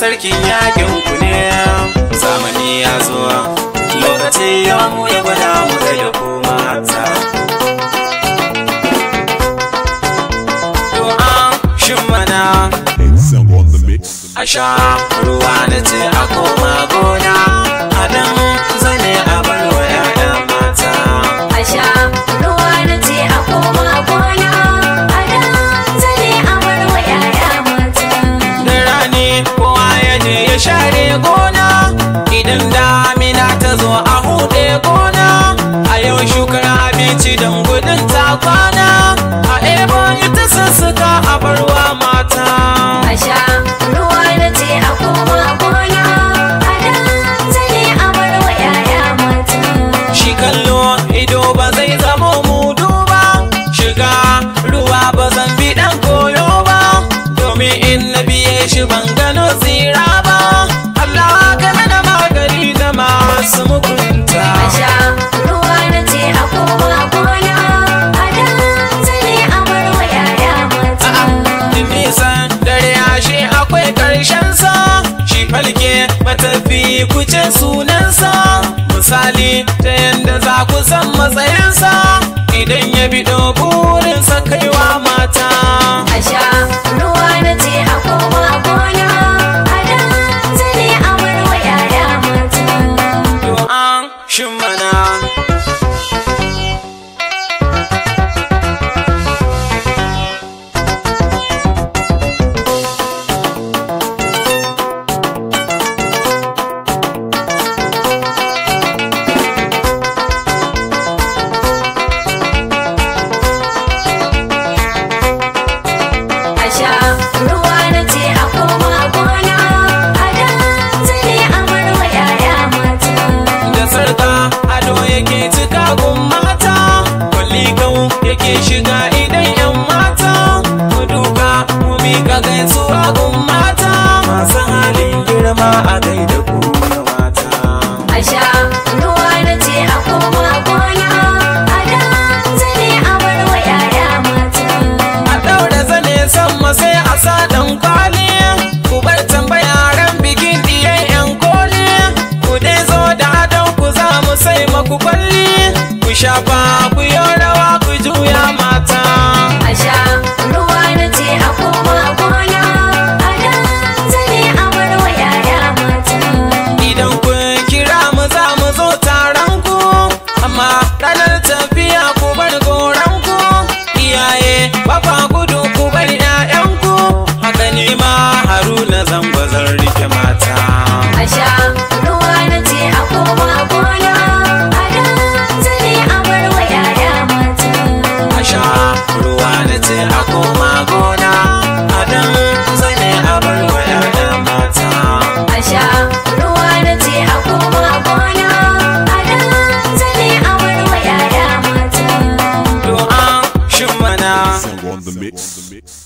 sarkin yakin ku ne zamani ya zo lokaci ya mu ya gwada mu kai da kuma hatsa mana a sha ruwa na ce a koma gona a nan zane a barwa hali ta yadda za ku san matsayinsa idan ya bi bido burinsa kaiwa mata. ku kwalli ku shafa on the mix.